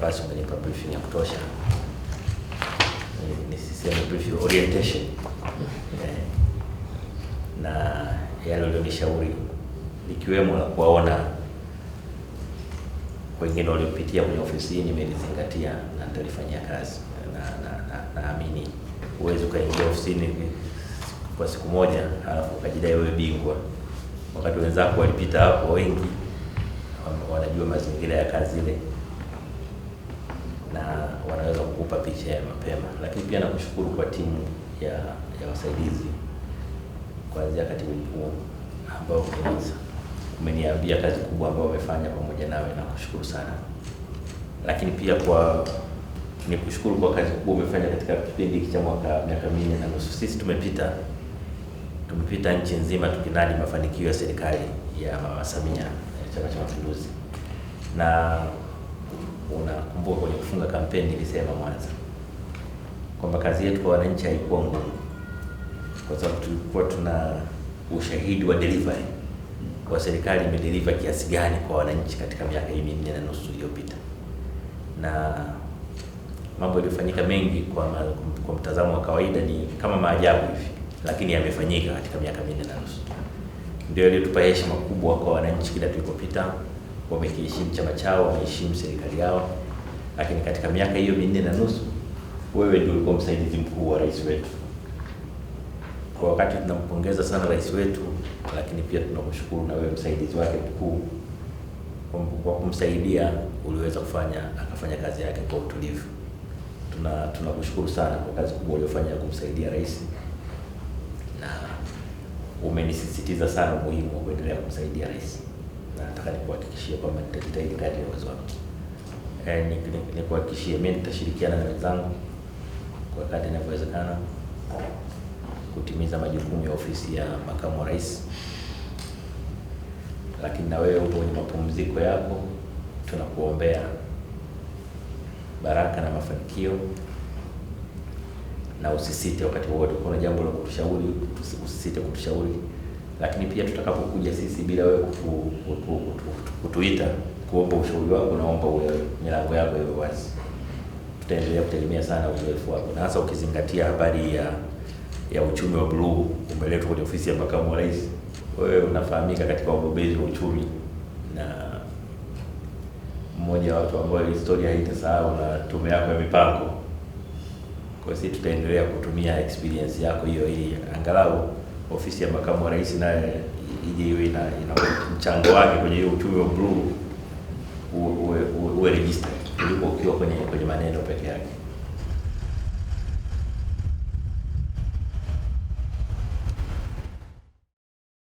nafasi, umenipa briefing ya kutosha, nisiseme briefing, orientation eh, na yale ulionishauri nikiwemo la kuwaona wengine waliopitia kwenye ofisi hii nimelizingatia na nitalifanyia kazi. Naamini na, na, na huwezi ukaingia ofisini kwa siku moja halafu ukajidai wewe bingwa, wakati wenzako walipita hapo wengi wanajua mazingira ya kazi ile na wanaweza kukupa picha ya mapema. Lakini pia nakushukuru kwa timu ya ya wasaidizi kuanzia katibu mkuu ambao kwanza umeniambia kazi kubwa ambayo umefanya pamoja nawe, nakushukuru sana. Lakini pia kwa nikushukuru kwa kazi kubwa umefanya katika kipindi cha mwaka miaka minne na nusu. Sisi tumepita tumepita nchi nzima tukinadi mafanikio ya serikali ya Mama Samia, Chama cha Mapinduzi na unakumbuka kwenye kufunga kampeni nilisema Mwanza kwamba kazi yetu kwa wananchi haikuwa ngumu, kwa sababu tulikuwa tuna ushahidi wa delivery kwa serikali imedeliver kiasi gani kwa wananchi katika miaka hii minne na nusu iliyopita, na mambo yaliyofanyika mengi kwa, ma, kwa mtazamo wa kawaida ni kama maajabu hivi, lakini yamefanyika katika miaka minne na nusu. Ndio yaliyotupa heshima kubwa kwa wananchi kila tulipopita wamekiheshimu chama chao, wameheshimu serikali yao, lakini katika miaka hiyo minne na nusu wewe ndio ulikuwa msaidizi mkuu wa rais wetu. Kwa wakati tunampongeza sana rais wetu, lakini pia tunakushukuru na wewe msaidizi wake mkuu, kwa kumsaidia uliweza kufanya akafanya kazi yake kwa utulivu. Tuna tunakushukuru sana kwa kazi kubwa uliyofanya ya kumsaidia rais, na umenisisitiza sana umuhimu wa kuendelea kumsaidia rais nataka nikuhakikishie kwamba nitajitahidi kadri ya uwezo wangu. Eh, nikuhakikishie mi nitashirikiana na wenzangu kwa kadri inavyowezekana kutimiza majukumu ya ofisi ya makamu wa rais, lakini na wewe upo kwenye mapumziko yako, tunakuombea baraka na mafanikio na usisite wakati wowote. Kuna jambo la kutushauri, usisite kutushauri lakini pia tutakapokuja sisi bila wewe kutu, kutu, kutu, kutuita kuomba ushauri wako, naomba uwe milango yako iwe wazi. Tutaendelea kutegemea sana uzoefu wako, na hasa ukizingatia habari ya ya uchumi wa bluu umeletwa kwenye ofisi ya makamu wa rais. Wewe unafahamika katika ubobezi wa uchumi, na mmoja wa watu ambao historia haitasahau na tume yako ya mipango. Kwa hiyo sisi tutaendelea kutumia experience yako hiyo, ili angalau ofisi ya makamu wa rais naye ije iwe ina, ina mchango wake kwenye hiyo uchumi wa bluu uwe register kuliko ukiwa kwenye kwenye maneno peke yake.